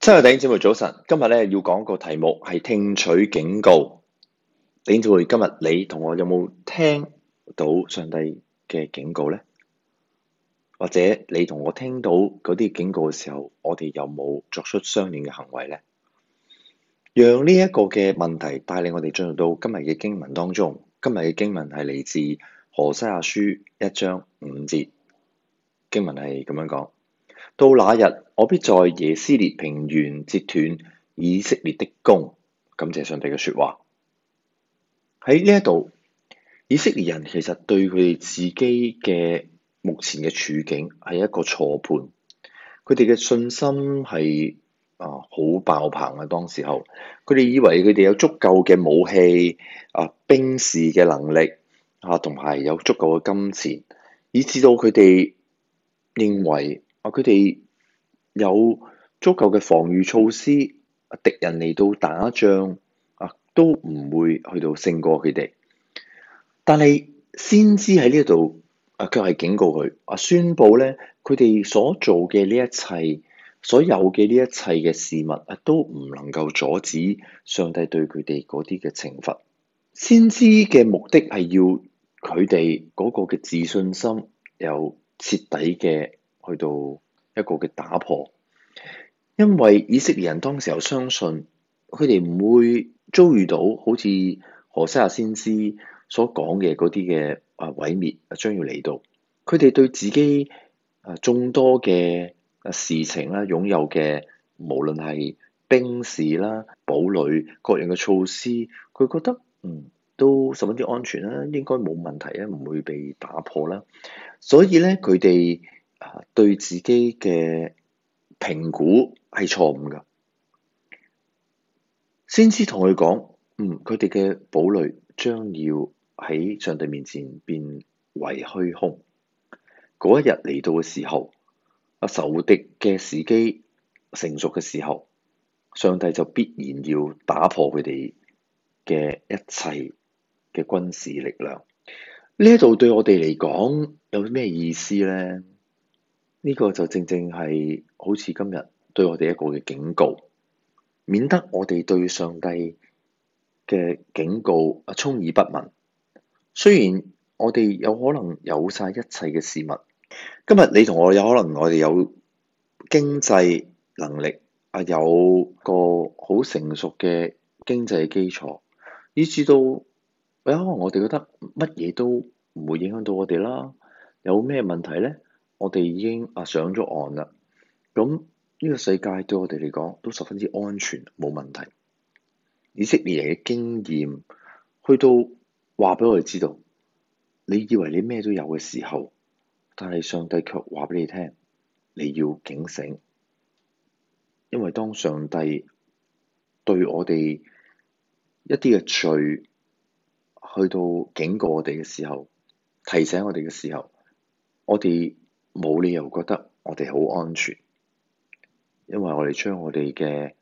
親愛的頂姐妹早晨，今日咧要講個題目係聽取警告。頂姊妹，今日你同我有冇聽到上帝嘅警告咧？或者你同我聽到嗰啲警告嘅時候，我哋有冇作出相應嘅行為咧？讓呢一個嘅問題帶領我哋進入到今日嘅經文當中。今日嘅經文係嚟自何西阿書一章五節，經文係咁樣講。到那日，我必在耶斯列平原折斷以色列的弓。感謝上帝嘅說話。喺呢一度，以色列人其實對佢哋自己嘅目前嘅處境係一個錯判。佢哋嘅信心係啊好爆棚嘅，當時候佢哋以為佢哋有足夠嘅武器啊、兵士嘅能力啊，同埋有，有足夠嘅金錢，以至到佢哋認為。佢哋有足夠嘅防禦措施，敵人嚟到打仗啊，都唔會去到勝過佢哋。但係先知喺呢度啊，佢係警告佢啊，宣佈咧，佢哋所做嘅呢一切，所有嘅呢一切嘅事物啊，都唔能夠阻止上帝對佢哋嗰啲嘅懲罰。先知嘅目的係要佢哋嗰個嘅自信心有徹底嘅。去到一個嘅打破，因為以色列人當時又相信佢哋唔會遭遇到好似何西亞先知所講嘅嗰啲嘅啊毀滅啊，將要嚟到。佢哋對自己啊眾多嘅事情啦，擁有嘅無論係兵士啦、堡壘各樣嘅措施，佢覺得嗯都十分之安全啦，應該冇問題啊，唔會被打破啦。所以咧，佢哋。對自己嘅評估係錯誤㗎，先知同佢講，嗯，佢哋嘅堡壘將要喺上帝面前變為虛空。嗰一日嚟到嘅時候，啊仇敵嘅時機成熟嘅時候，上帝就必然要打破佢哋嘅一切嘅軍事力量。呢度對我哋嚟講有咩意思咧？呢個就正正係好似今日對我哋一個嘅警告，免得我哋對上帝嘅警告啊充耳不聞。雖然我哋有可能有晒一切嘅事物，今日你同我有可能我哋有經濟能力啊，有個好成熟嘅經濟基礎，以至到有、哎、可能我哋覺得乜嘢都唔會影響到我哋啦，有咩問題咧？我哋已經啊上咗岸啦，咁呢個世界對我哋嚟講都十分之安全，冇問題。以色列嘅經驗，去到話俾我哋知道，你以為你咩都有嘅時候，但係上帝卻話俾你聽，你要警醒，因為當上帝對我哋一啲嘅罪，去到警告我哋嘅時候，提醒我哋嘅時候，我哋。冇理由覺得我哋好安全，因為我哋將我哋嘅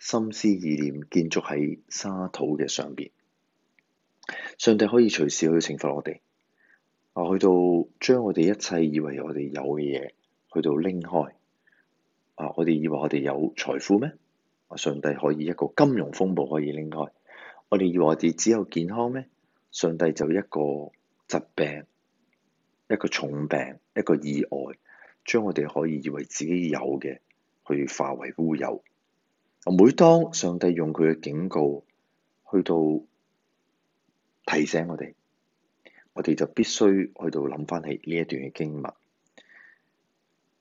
心思意念建築喺沙土嘅上邊。上帝可以隨時去懲罰我哋，啊去到將我哋一切以為我哋有嘅嘢去到拎開，啊我哋以為我哋有財富咩？上帝可以一個金融風暴可以拎開，我哋以為我哋只有健康咩？上帝就一個疾病。一個重病，一個意外，將我哋可以以為自己有嘅，去化為烏有。每當上帝用佢嘅警告，去到提醒我哋，我哋就必須去到諗翻起呢一段嘅經文，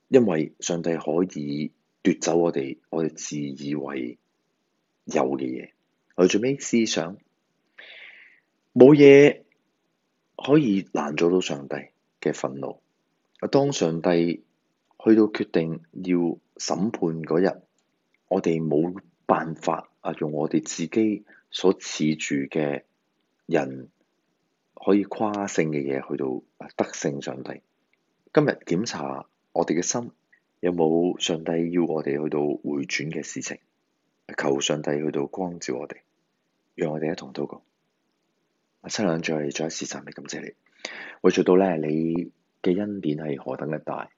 因為上帝可以奪走我哋，我哋自以為有嘅嘢，我哋做咩思想，冇嘢可以難做到上帝。嘅憤怒，啊！當上帝去到決定要審判嗰日，我哋冇辦法啊，用我哋自己所恃住嘅人可以誇勝嘅嘢去到得勝上帝。今日檢查我哋嘅心，有冇上帝要我哋去到回轉嘅事情，求上帝去到光照我哋，讓我哋一同禱告。阿親兩，再再一次讚美，感謝你。為做到咧，你嘅恩典係何等一大，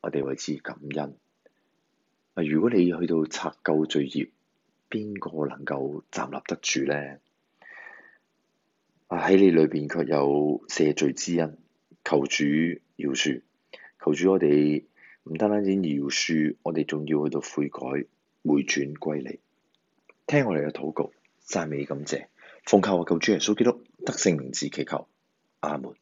我哋為之感恩。啊，如果你去到拆救罪孽，邊個能夠站立得住咧？啊，喺你裏邊卻有赦罪之恩，求主饒恕，求主我哋唔單單只饒恕，我哋仲要去到悔改，回轉歸嚟。聽我哋嘅禱告，讚美感謝，奉靠我救主耶穌基督得勝名字祈求，阿門。